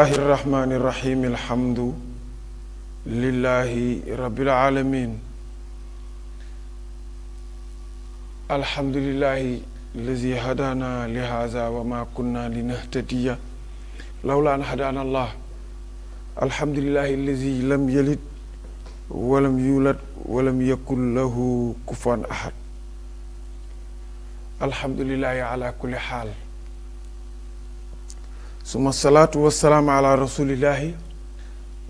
الله الرحمن الرحيم الحمد لله رب العالمين الحمد لله الذي هدانا لهذا وما كنا لنهتدي لولا أن هدانا الله الحمد لله الذي لم يلد ولم يولد ولم يكن له كفوا أحد الحمد لله على كل حال ثم الصلاة والسلام على رسول الله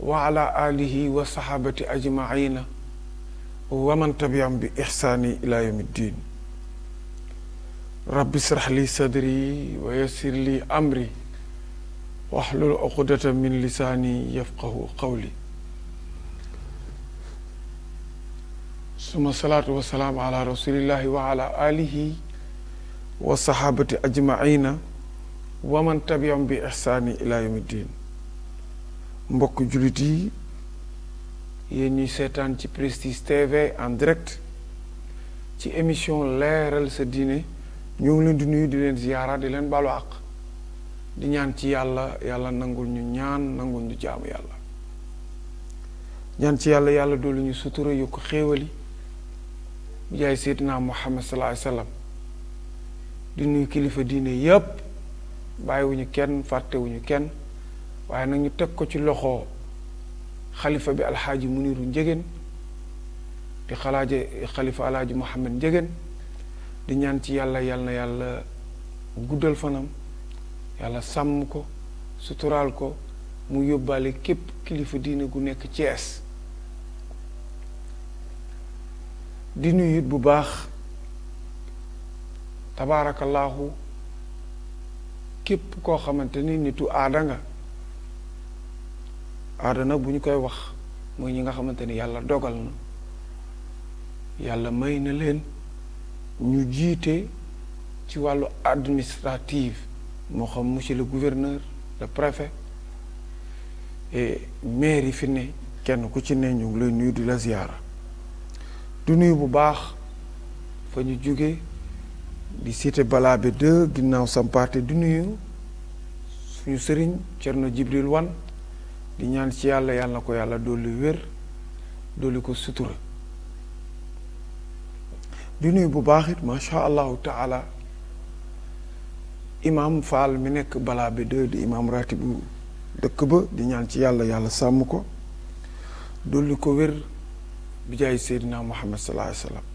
وعلى آله وصحابته أجمعين ومن تبعهم بإحسان إلى يوم الدين رب اشرح لي صدري ويسر لي أمري واحلل عقدة من لساني يفقه قولي ثم الصلاة والسلام على رسول الله وعلى آله وصحابته أجمعين waman tabiam bi ihsaani ila yawmi diin mbokk jullit yi yéen ñuy seetaan ci Prestige TV en direct ci émission leeral sa diine ñoo ngi leen di di leen ziyaara di leen balu àq di ñaan ci yàlla yàlla nangul ñu ñaan nangul ñu jaamu yàlla ñaan ci yàlla yàlla doolu ñu sutura yu ko xéewali mu jaay seydinaa Muhammad sallallahu alayhi wa kilifa diine yépp bàyyiwuñu kenn fàttewuñu kenn waaye nag ñu teg ko ci loxo xalifa bi alxaaji muniru njegéen di xalaaje xalifa alxaaji mohammed njegéen di ñaan ci yàlla yàlla yàlla guddal fanam yàlla sàmm ko suturaal ko mu yóbbaale képp kilifa diine gu nekk Cees di nuyu bu baax tabaarakallaahu képp koo xamante ni nitu aada nga aada nag bu ñu koy wax mooy ñi nga xamante ni yàlla dogal na yàlla may na leen ñu jiite ci wàllu administrative moo xam monsieur le gouverneur le préfet et maire yi fi ne kenn ku ci ne ñu ngi lay nuyu di la ziyaara du nuyu bu baax fa ñu jóge di cité Balabé 2 ginnaaw sampaate di nuyu suñu sëriñ na Jibril Wan di ñaan ci yàlla yàlla na ko yàlla dolli wér dolli ko sutura di nuyu bu baaxit it macha allahu taala imaam Fall mi nekk balaa 2 di imaam ratibu dëkk ba di ñaan ci yàlla yàlla sàmm ko dolli ko wér bi jaay Seydina Muhammad sallallahu alayhi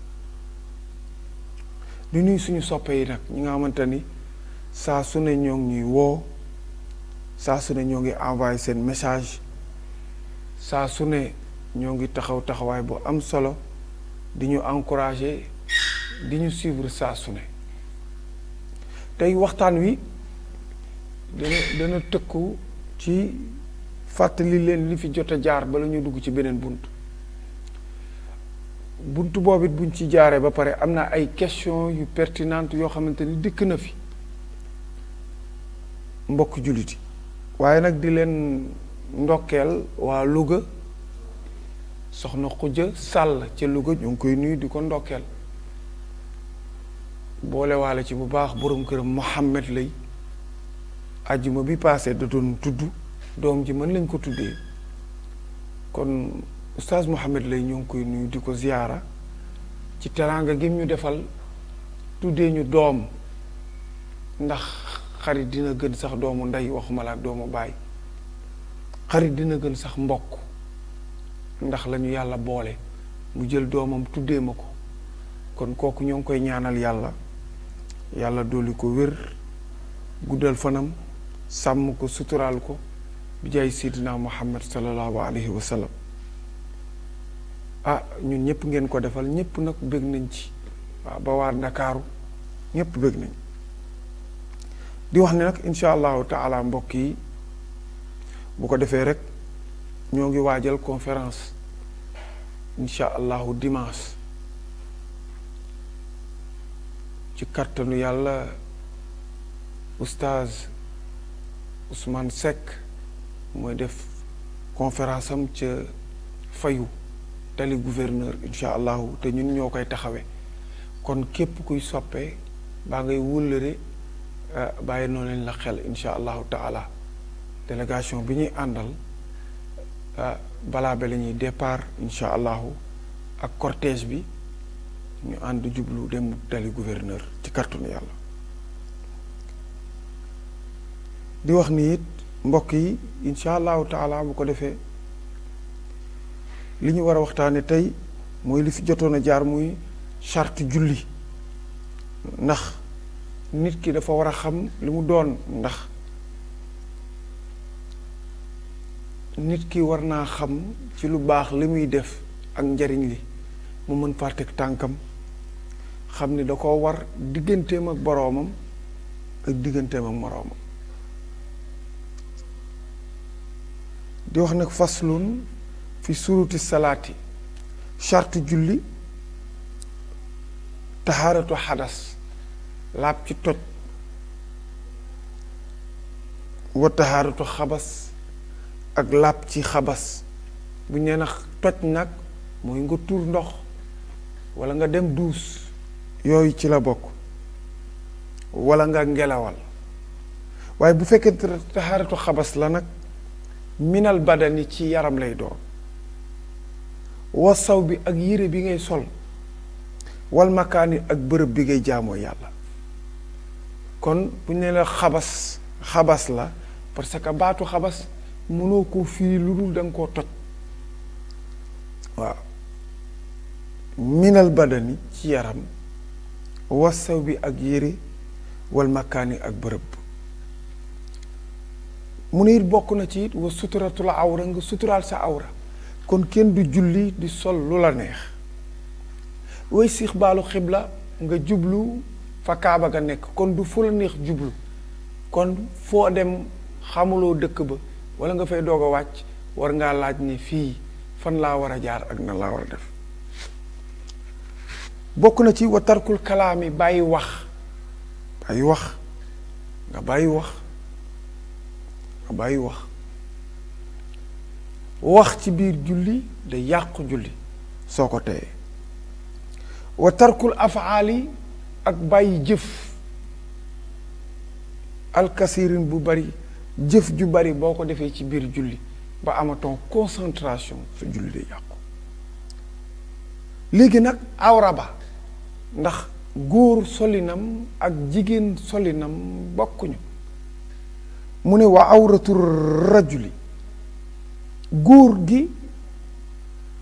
di nuyu suñu soppe yi nag ñi nga xamante ni saa su ne ñoo ngi woo saa su ne ñoo ngi envoyé seen message saa su ne ñoo ngi taxaw taxawaay bu am solo di ñu encouragé di ñu suivre saa su ne tey waxtaan wi dana dana tëkku ci fàttali leen li fi jot a jaar bala ñu dugg ci beneen bunt buntu boobit buñ ci jaaree ba pare am na ay question yu pertinant yoo xamante ni dikk na fi mbokk jullit yi waaye nag di leen ndokkeel waa Louga soxna Xuja Sàll ca Louga ñu koy nuyu di ko ndokkeel boolewaale ci bu baax boroom këram Mohammed lay ajjuma bi paase da doon tudd doom ji mën lañ ko tuddee kon oustaz Mouhamed lay ñoo ngi koy nuyu di ko ziyaara ci teraanga gi ñu defal tuddee ñu doom ndax xarit dina gën sax doomu ndey waxuma laa ak doomu baay xarit dina gën sax mbokk ndax lañu yàlla boole mu jël doomam tuddee ma ko kon kooku ñoo ngi koy ñaanal yàlla yàlla dolli ko wér guddal fanam sàmm ko suturaal ko bi jaay seydinaa muhammad sallallahu alayhi wa sallam ah ñun ñëpp ngeen ko defal ñëpp nag bëgg nañ ci waaw ah, ba waa ndakaaru ñëpp bëgg nañ di wax ne nag insha allahu taala mbokk yi bu ko defee rek ñoo ngi waajal conférence insha allahu dimanche ci kàttanu yàlla oustaz Ousmane sek mooy def conférence am ca fayu tali gouverneur insha allahu te ñun ñoo koy taxawe kon képp kuy soppee baa ngay wulëre eh, bàyyi noo leen la xel insha allahu taala délégation bi ñuy andal, eh, balaa ba la ñuy départ insha allahu ak cortège bi ñu ànd jublu dem tali gouverneur ci kàttanu yàlla di wax ni it mbokk yi insha allahu taala bu ko li ñu war a waxtaane tey mooy li fi jotoon a jaar muy chart julli ndax nit ki dafa war a xam li mu doon ndax nit ki war naa xam ci lu baax li muy def ak njariñ li mu mën faa teg tànkam xam ni da ko war digganteem ak boroomam ak digganteem ak moroomam di wax nag faslun fi suruti salaati charte julli taxaaratu xadas laab ci toj wa taxaaratu xabas ak laab ci xabas bu ñu toj nag mooy nga tuur ndox wala nga dem duus yooyu ci la bokk wala nga ngelawal waaye bu fekkee taxaaratu xabas la nag minal badani ci yaram lay doon wa saw bi ak yére bi ngay sol wal makaani ak bërëb bi ngay jaamoo yàlla kon bu ñu ne xabas xabas la parce que baatu xabas mënoo ko fii lu dul da koo toj waaw minal badani ci yaram wasaw bi ak yére wal makaani ak bërëb mu ne it bokk na ci it wa suturatul awra nga suturaal sa awra kon kenn du julli di sol lu la neex way siix baalu xibla nga jublu fa kaaba ga nekk kon du fu la neex jublu kon foo dem xamuloo dëkk ba wala nga fay doog a wàcc war ngaa laaj ne fii fan laa war a jaar ak na laa war a def bokk na ci wa tarkul kalaami bàyyi wax bàyyi wax nga bàyyi wax nga bàyyi wax wax ci biir julli da yàqu julli soo ko teyee wa tarkul afaali ak bàyyi jëf alkasirin bu bari jëf ju bari boo ko defee ci biir julli ba amatoo concentration sa julli day yàqu léegi nag awra ba ndax góor solinam ak jigéen solinam bokkuñu mu ne wa awratu rajuli góor gi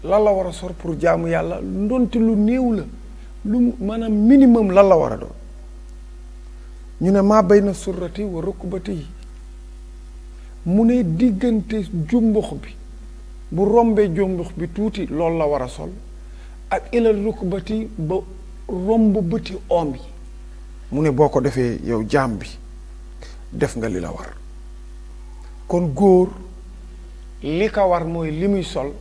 lan la war a sor pour jaamu yàlla ndonte lu néew la lu maanaam minimum lan la war a doon ñu ne maa bay na surrati wa rukkubati yi mu ne diggante jumbux bi bu rombee jumbux bi tuuti loolu la war a sol ak ilal rukkubati ba romb bëti oom yi mu ne boo ko defee yow jaam bi def nga li la war kon góor li ko war mooy li muy sol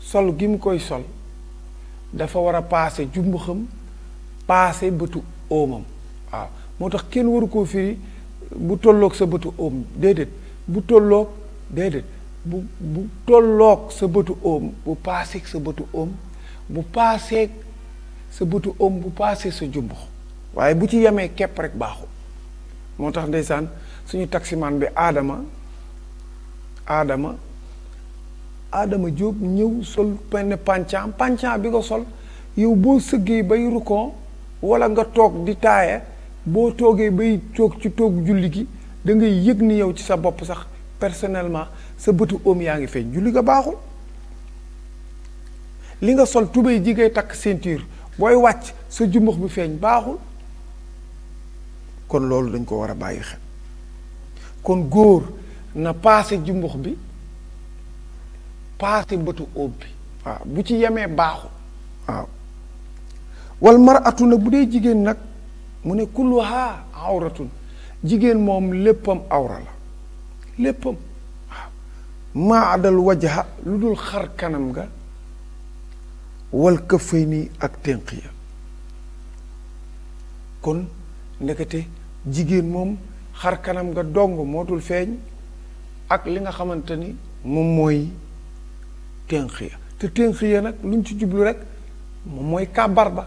sol gi mu koy sol dafa war a paase jumbuxam paase bëtu óomam waaw moo tax kenn waru koo firi bu tolloog sa bëtu óom déedéet bu tolloog déedéet bu bu tolloog sa bëtu óom bu paaseeg sa bëtu óom bu paaseeg sa bëtu óom bu paasee sa jumbux waaye bu ci yemee kepp rek baaxu moo tax ndeysaan suñu taximaan bi aadama aadama aadama Diop ñëw sol benn pàncaan pàncaan bi nga sol yow boo sëggee bay rukon wala nga toog di taaya boo toogee bay toog ci toog julli gi dangay ngay yëg ni yow ci sa bopp sax personnellement sa bëtu oom yaa ngi feeñ julli nga baaxul li nga sol tubéy ji ngay takk ceinture booy wàcc sa jumbux bi feeñ baaxul kon loolu dañ ko war a bàyyi xel kon góor na paase jumbux bi paase bëtu óob bi waaw bu ci yemee baaxu waaw wal maratu na bu dee jigéen nag mu ne kulluha awratun jigéen moom léppam awra la léppam waaw maadal wajha lu dul xar kanam nga wal këfay nii ak ténq ya kon ndekete jigéen moom xar kanam nga dong moo dul feeñ ak li nga xamante ni moom mooy ténk ya te ténk ya luñ ci jublu rek moom mooy kàbbar ba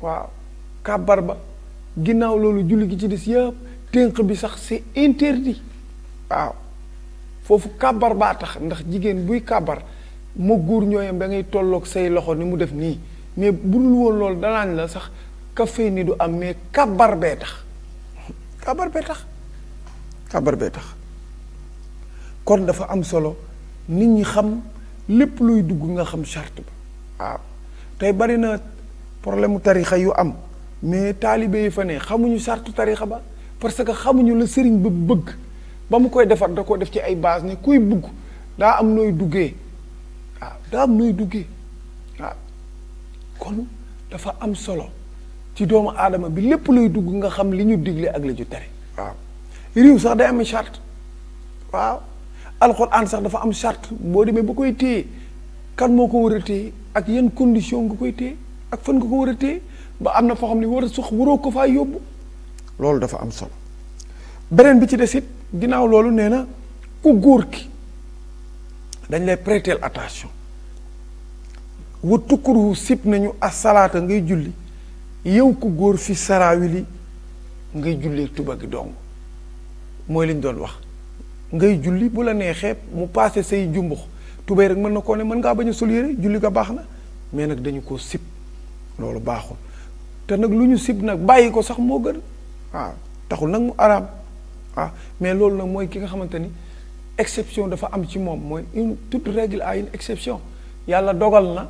waaw kabar ba ginnaaw loolu julli gi ci des yépp ténk bi sax c'est interdit waaw foofu kàbbar baa tax ndax jigéen buy kàbbar moo góor ñooyam da ngay tolloog say loxo ni mu def nii mais bu dul woon la sax kafe ni du am mais kabar bee tax kàbbar bee tax tax kon dafa am solo nit ñi xam lépp luy dugg nga xam charte ba waaw tey bari na problème mu tarixa yu am mais taalibe yi fa ne xamuñu charte tarixa ba parce que xamuñu la sëriñ ba bu bëgg ba mu koy defar da ko def ci ay base ne kuy bugg daa am nooy duggee waaw daa am nooy duggee waaw kon dafa am solo ci doomu aadama bi lépp luy dugg nga xam li ñu digle ak li ñu tere sax day am chart waaw alxuraan sax dafa am chart boo demee ba koy téye kan moo ko war a téye ak yan condition nga koy téye ak fan nga ko war a téye ba am na foo xam ne war a sux waroo ko faa yóbbu loolu dafa am solo beneen bi ci des it ginnaaw loolu nee na ku góor ki dañ lay prêter attention wa tukkuru sib nañu salaata ngay julli yow ku góor fi saraawili ngay jullee tuba gi dong mooy liñ doon wax ngay julli bu la neexee mu passé say jumbux tubéy rek man na koo ne mën ngaa bañ a sol julli nga baax mais nag dañu ko sip loolu baaxul te nag lu ñu ko sax moo gën waaw ah, taxul mu aram ah mais loolu nag mooy ki nga xamante exception dafa am ci moom mooy une toute règle a une exception yàlla dogal na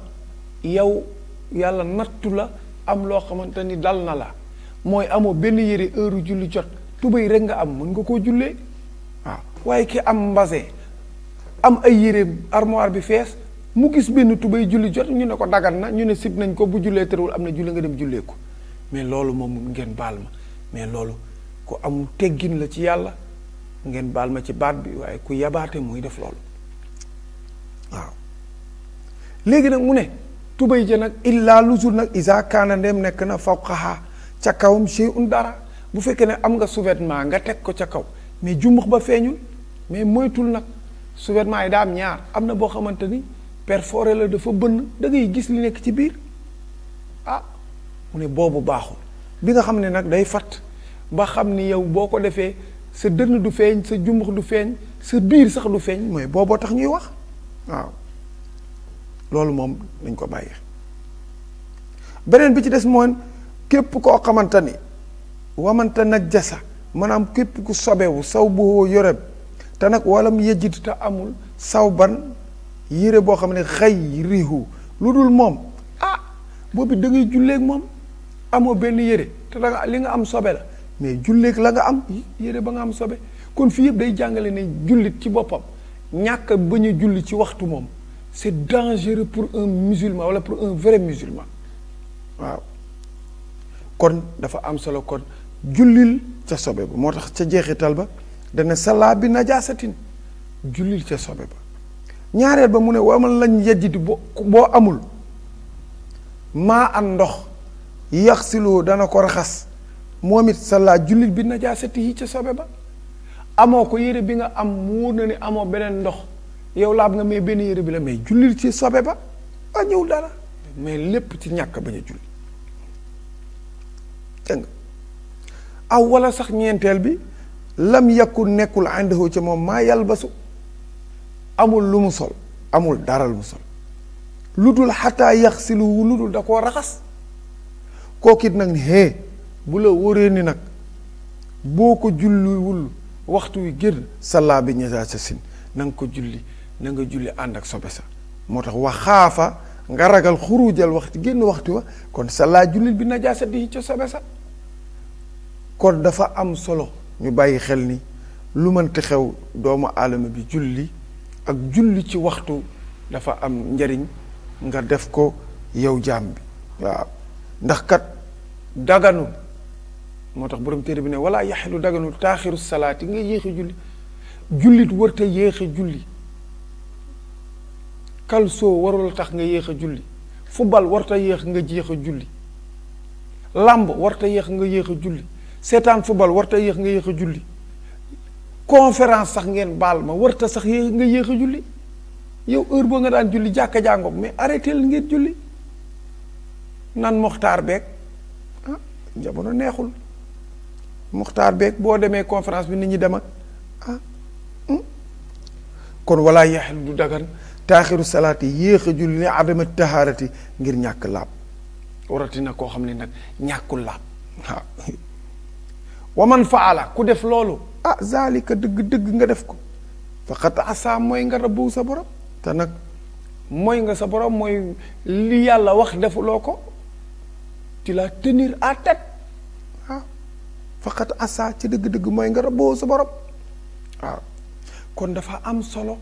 yow ya nattu la am loo xamante dal na la mooy amoo benn yére heure julli jot tubéy rek nga am mën nga waaye ki am mbase am ay yére armoire bi fees mu gis benn tubéy julli jot ñu ne ko dagan na ñu ne sib nañ ko bu jullee terewul am na julli nga dem jullee ko mais loolu moom ngeen baal ma mais loolu ku amul teggin la ci yàlla ngeen baal ma ci baat bi waaye ku yabaate muy def loolu waaw léegi nag mu ne tubéy ja nag illaa lusul nag isa kaana ndem nekk na fawqaha ca kawam shay'un dara bu fekkee ne am nga sous nga teg ko ca kaw mais jumbax ba feeñul mais moytul nag souverainement yi daa am ñaar am na boo xamante ni perforé la dafa bënn da ngay gis li nekk ci biir ah mu ne boobu baaxul bi nga xam ne nag day fat ba xam ni yow boo ko defee sa dënn du feeñ sa jumbux du feeñ sa biir sax du feeñ mooy booboo tax ñuy wax waaw loolu moom dañ ko bàyyi beneen bi ci des mooy képp koo xamante ni wamante najjasa maanaam képp ku sobewu saw bu yoreb te nag walam yëjit te amul saw ban yére boo xam ne xëy riihu lu dul moom ah boobu da ngay moom amoo benn yére te da li nga am sobe la mais julleeg la nga am yére ba nga am sobe kon fii yëpp day jàngale ne jullit ci boppam ñàkk a bañ julli ci waxtu moom c'est dangereux pour un musulman wala pour un vrai musulman waaw kon dafa am solo kon jullil ca sobe ba moo tax ca jeexital ba dana salaa bi najaasatin jullil ca sobe ba ñaareel ba mu ne wamal lañ yajjiti boo boo amul maa an ndox yax siloo dana ko raxas moom it salaa jullit bi najaasati yi ca sobe ba amoo ko yére bi nga am mu wóor na ni amoo beneen ndox yow laab nga mais benn yére bi la mais jullil ci sobe ba a ah, ñëw dara mais lépp ci ñàkk bañ a julli dégg aw wala sax ñeenteel bi lam yakun nekkul àndahu ca moom maa yalbasu amul lu mu sol amul dara lu sol lu dul xataa yax si lu da koo raxas kookit nag ni wóoree ni nag boo ko julliwul waxtu wi génn sallaa bi ñesaa sa sin ko julli na nga julli ànd ak sobe sa moo tax wax xaafa nga ragal xurujal waxtu génn waxtu wa kon sallaa jullit bi najaasat yi ca sobe sa kon dafa am solo ñu bàyyi xel ni lu mënti xew doomu alama bi julli ak julli ci waxtu dafa am njariñ nga def ko yow jaam bi waaw ndax kat daganul moo tax borom téere bi ne wala yaxilu daganul taaxiru salaati nga yéex a julli jullit wërta yéex a julli kalso warul tax nga yéex a julli football warta yéex nga jéex a julli làmb warta yéex nga yéex a julli seetaan football warta yéex nga yéex a julli conférence sax ngeen baal ma warta sax yéex nga yéex a julli yow heure boo nga daan julli jàkka jàngoog mais arrêté la ngeen julli nan moxtaar beeg ah, jamono neexul moxtaar beeg boo demee conférence bi nit ñi dem ak ah hmm. kon walaa yaxil du dagan taaxiru salaati yéex a julli ne adama tahaarati ngir ñàkk laab waratina koo xam ni nag ñàkkul laab wa man faala ku def loolu ah zalika dëgg-dëgg nga def ko faqat asa mooy nga rabbu sa borom te nag mooy nga sa borom mooy li yàlla wax defuloo ko tu la tenir à tête waaw ah, ci dëgg-dëgg mooy nga rabbu sa borom waaw ah, kon dafa am solo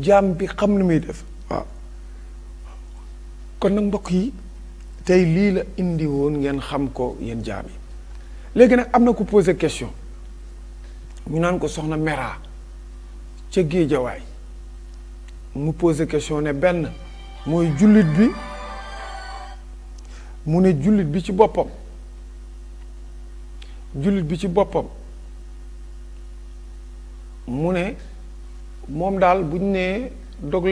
jaam bi xam lu muy def waaw ah, kon nag mbokk yi tey lii la indi woon ngeen xam ko yéen jaam yi Maintenant, nag am na ku posé question ñu naan ko Mera ca Géejawaay mu posé question ne ben. mooy que bi mu ne jullit bi ci boppam que bi ci boppam mu ne mom dal dog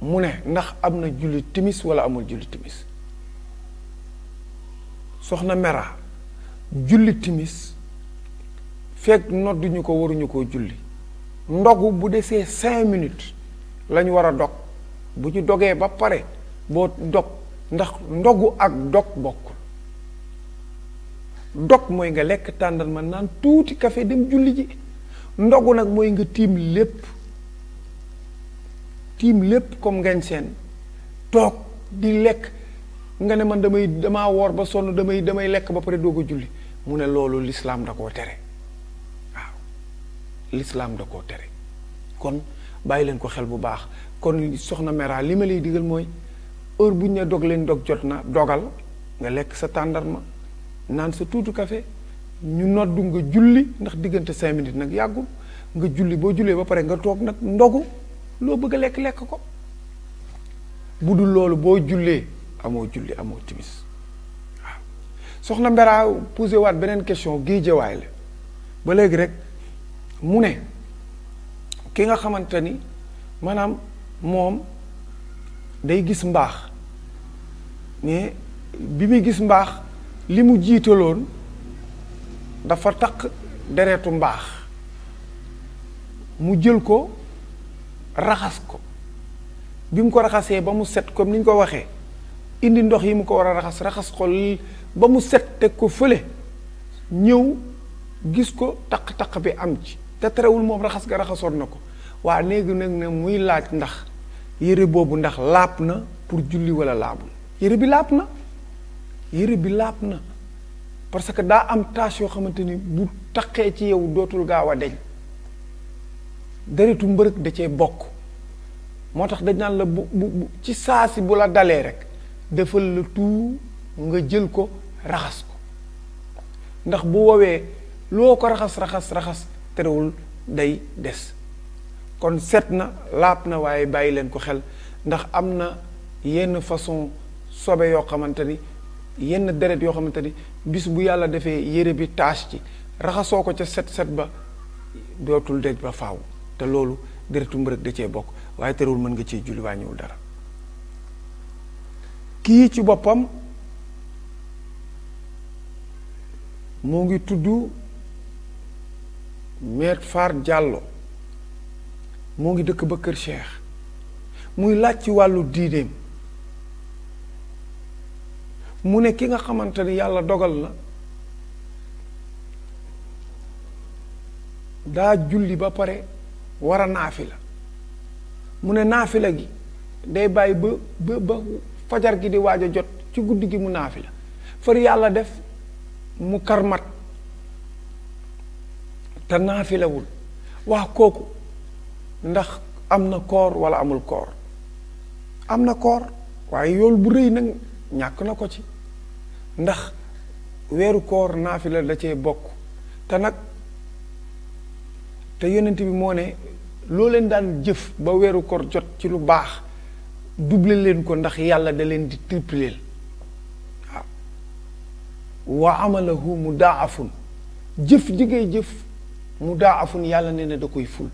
mu ne ndax am na julli timis wala amul julli timis soxna Mera julli timis fekk nodduñu ko waruñu ko julli ndogu bu desee cinq minutes lañu war a dog bu ñu dogee ba pare boo dog ndax ndogu ak dog bokk dog mooy nga lekk tàndal ma naan tuuti kafe dem julli ji ndogu nag mooy nga tiim lépp Tim lip kom ngañ seen toog di lekk nga ne man damay dama woor ba sonn damay damay lekk ba pare doog a julli mu ne loolu da tere waaw da tere kon bàyyi leen ko xel bu baax kon soxna mera li ma lay digal mooy heure buñ ne dog leen dog jot na dogal nga lekk sa tàndarma naan sa tuutu café ñu noddu nga julli ndax diggante cinq minutes nag yàggul nga julli boo jullee ba pare nga toog nag ndogu loo bëgg a lekk lekk ko bu dul loolu boo jullee amoo julli amoo timis waaw soxna Mbera posé waat beneen question géejewaay la ba léegi rek mu ne ki nga xamante ni maanaam moom day gis mbaax mais bi muy gis mbaax li mu jiitaloon dafa takk deretu mbaax mu jël ko raxas ko bi mu ko raxasee ba mu set comme ni ñu ko waxee indi ndox yi mu ko war a raxas raxas ko ba mu set teg ko fële ñëw gis ko taq-taq bi am ci te terewul moom raxas ga raxasoon na ko waa léegi nag ne muy laaj ndax yére boobu ndax laab na pour julli walla laabul yére bi laab na yére bi laab na parce que daa am tâche yoo xamante ni bu taqee ci yow dootul gaaw a deñ deretu mbërëg da cee bokk moo tax dañ naan la bu bu ci saa si bu la dalee rek defal la tout nga jël ko raxas ko ndax bu woowee loo ko raxas raxas raxas terewul day des kon set na laab na waaye bàyyi leen ko xel ndax am na yenn façon sobe yoo xamante ni yenn deret yoo xamante ni bis bu yàlla defee yére bi taas ci raxasoo ko ca set set ba dootul dej ba faaw te loolu deretu mbërëg da cee bokk waaye terewul mën nga cee julli wàññiwul dara kii ci boppam mu ngi tudd Maître Far Diallo mu ngi dëkk ba Kër Cheikh muy laaj ci wàllu diineem mu ne ki nga dogal na daa julli ba pare war a naafila mu ne naafila gi day bàyyi ba ba ba fajar gi di waaj a jot ci guddi gi mu naafila far yàlla def mu karmat te naafilawul wax kooku ndax am na koor walla amul koor am na koor waaye yool bu rëy nag ñàkk na ko ci ndax weeru koor naafila da cee bokk te nag te yonent bi moo ne loo leen daan jëf ba weeru kor jot ci lu baax double leen ko ndax yàlla da leen di tripleel waa wa amalahu mu daa afun jëf ji jëf mu daa afun yàlla nee na da koy ful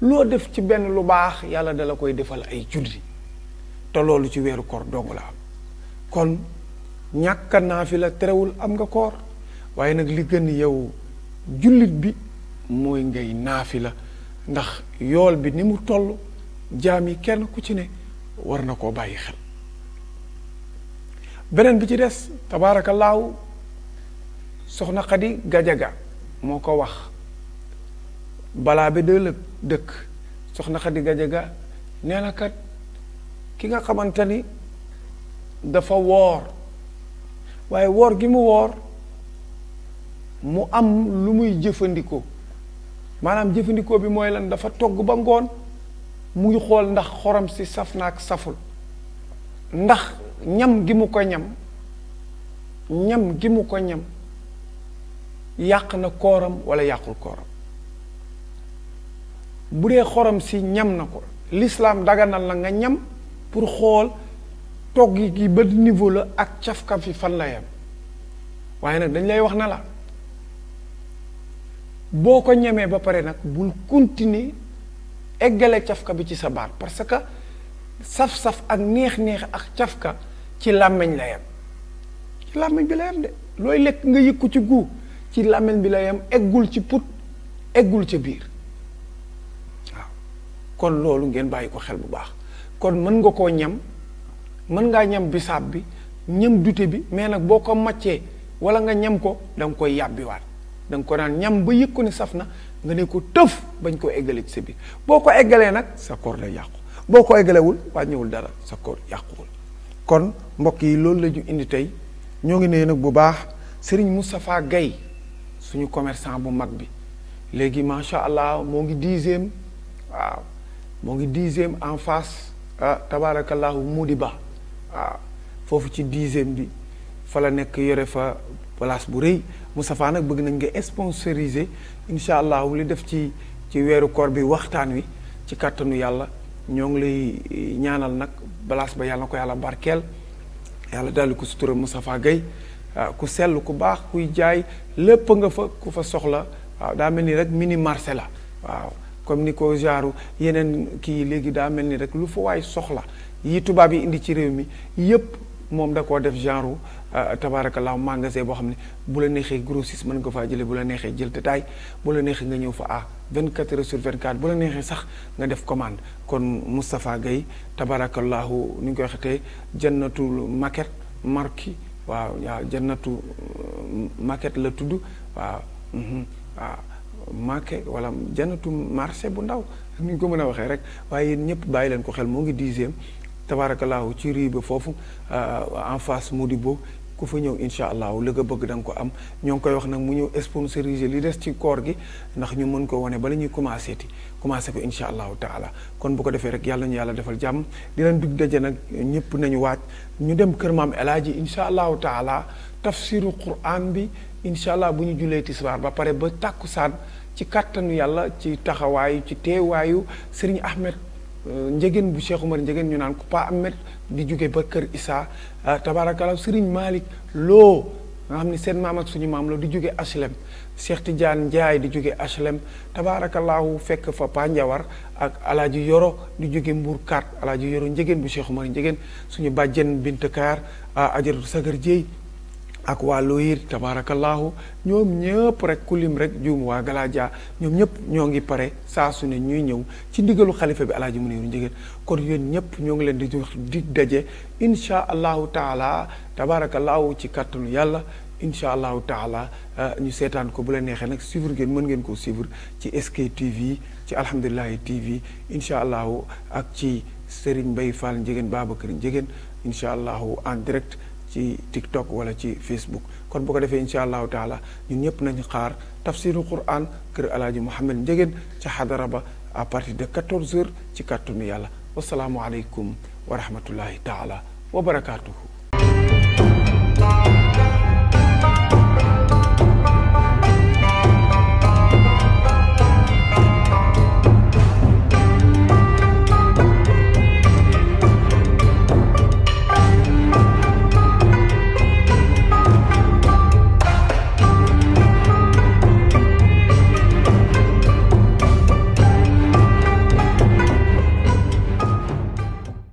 loo def ci benn lu baax yàlla da la koy defal ay julli te loolu ci weeru koor dong la am kon ñàkk naa fi la terewul am nga koor waaye nag li gën yow jullit bi mooy ngay la ndax yool bi ni mu toll jaam yi kenn ku ci ne war na koo bàyyi xel beneen bi ci des tabaarakallaahu soxna Xadi Gajaga moo ko wax balaa bi dëkk soxna Xadi Gajaga nee na kat ki nga xamante ni dafa woor waaye woor gi mu woor mu am lu muy jëfandikoo maanaam jëfandikoo bi mooy lan dafa togg ba ngoon mu ngi ndax si saf naak saful ndax ñam gi mu ko ñam ñam gi mu ko ñam na wala yàqul koram bu dee si ñam na ko lislaam daganal la nga ñam pour xool togg gi ba niveau la ak cafka fi fan la yam waaye dañ lay wax na la boo ko ñemee ba pare nag bul continuer eggale cafka bi ci sa baat parce que saf-saf ak neex-neex ak cafka ci làmmeñ la yem ci làmmeñ bi la yem de looy lekk nga yëkku ci guu ci làmmeñ bi la yem eggul ci put eggul ca biir kon loolu ngeen bàyyi ko xel bu baax kon mën nga koo ñam mën ngaa ñam bi ñam dute bi mais nag boo ko maccee wala nga ñam ko da nga koy da ko naan ñam ba yëg ko ni saf na nga ne ko tëf bañ koo eggalee ci sa biir boo ko eggalee nag sa koor lay yàqu boo ko eggalewul ñëwul dara sa koor yàquwul kon mbokk yi loolu la ñu indi tey ñoo ngi ne nag bu baax mu Moustapha Gaye suñu commerçant bu mag bi léegi macha allah moo ngi dixième waaw moo ngi dixième en face mu di Modiba waaw foofu ci dixième bi fa la nekk yore fa place bu rëy. Moustapha nag bëgg nañ nga sponsoriser incha allah li def ci ci weeru koor bi waxtaan wi ci kàttanu yàlla ñoo ngi lay eh, ñaanal nag balaas ba yàlla ko yàlla barkeel yàlla daldi ko sutura Moustapha Gueye ah, ku sell ku baax kuy jaay lépp nga fa ku fa soxla waaw ah, daa mel ni rek mini marché la waaw comme ni ko genre yeneen kii léegi daa mel ni rek lu fa waay soxla yi tubaab yi indi ci réew mi yépp moom da koo def genre Euh, tabaarakallaahu magasin boo xam ne bu la neexee grossiste man nga faa jëlee bu la neexee jël détail bu la neexee nga ñëw fa a 24 heures sur 24 bu la neexee sax nga def commande kon Moustapha Gueye tabaarakallaahu nu ñu koy waxatee jannatul maquette marki waaw waaw jannatu euh, maquette la tudd waaw mhm, waaw marqué wala jannatu marché bu ndaw ni ñu ko mën a waxee rek waaye yéen ñëpp bàyyi leen ko xel moo ngi dixième tabaarakallaahu ci riba foofu euh, en face Modibo ku fa ñëw incha allah la nga bëgg da ko am ñoo ngi koy wax nag mu ñëw sponsoriser li des ci koor gi ndax ñu mën ko wane bala ñuy commencé ti commencé ko incha allahu taala kon bu ko defee rek yàlla ñu yàlla defal jàmm di leen dug daje nag ñëpp nañu waaj ñu dem kër maam El Hadji incha allahu taala tafsiru quran bi incha allah bu ñu julee tisbaar ba pare ba tàkku tàkkusaan ci kàttanu yàlla ci taxawaayu ci teewaayu Serigne Ahmed. njëgeen bu Cheikh Oumar njëgeen ñu naan ko Pa Ahmed di jóge ba kër Issa ah, tabaarakala Serigne Malick loo nga xam ni seen maam suñu maam la di jóge HLM Cheikh Tidiane Ndiaye di jóge HLM tabaarakallaahu fekk fa Pa Ndiawar ak alaaji Yoro di jóge Mbour 4 alaaji Yoro njëgeen bu Cheikh Oumar njëgeen suñu bàjjen Binte Kaar ah, ajaratu Sagar Dieye ak waa Loyir tabaarakallaahu ñoom ñëpp rek ku lim rek juum waa Galadia ñoom ñëpp ñoo ngi pare saa su ne ñuy ñëw ci ndigalu xalifa bi alaaji Muniiru Njigéen kon yéen ñëpp ñoo ngi leen di jox di daje incha allahu taala tabaarakallaahu ci kàttanu yàlla incha allahu taala eh, ñu seetaan ko bu la neexee nag suivre ngeen mën ngeen ko suivre ci SK TV ci alhamdulilahi TV incha allahu ak ci Serigne Mbaye Fall Njigéen Babacar Njigéen incha allahu en direct. ci TikTok wala ci Facebook kon bu ko defee incha allahu taala ñun ñëpp nañu xaar tafsiru Qur'an kër alaaji Mouhamed Ndiéguène ca xadara ba à partir de 14 heures ci kàttanu yàlla wasalaamualeykum wa rahmatullahi taala wa barakaatuhu.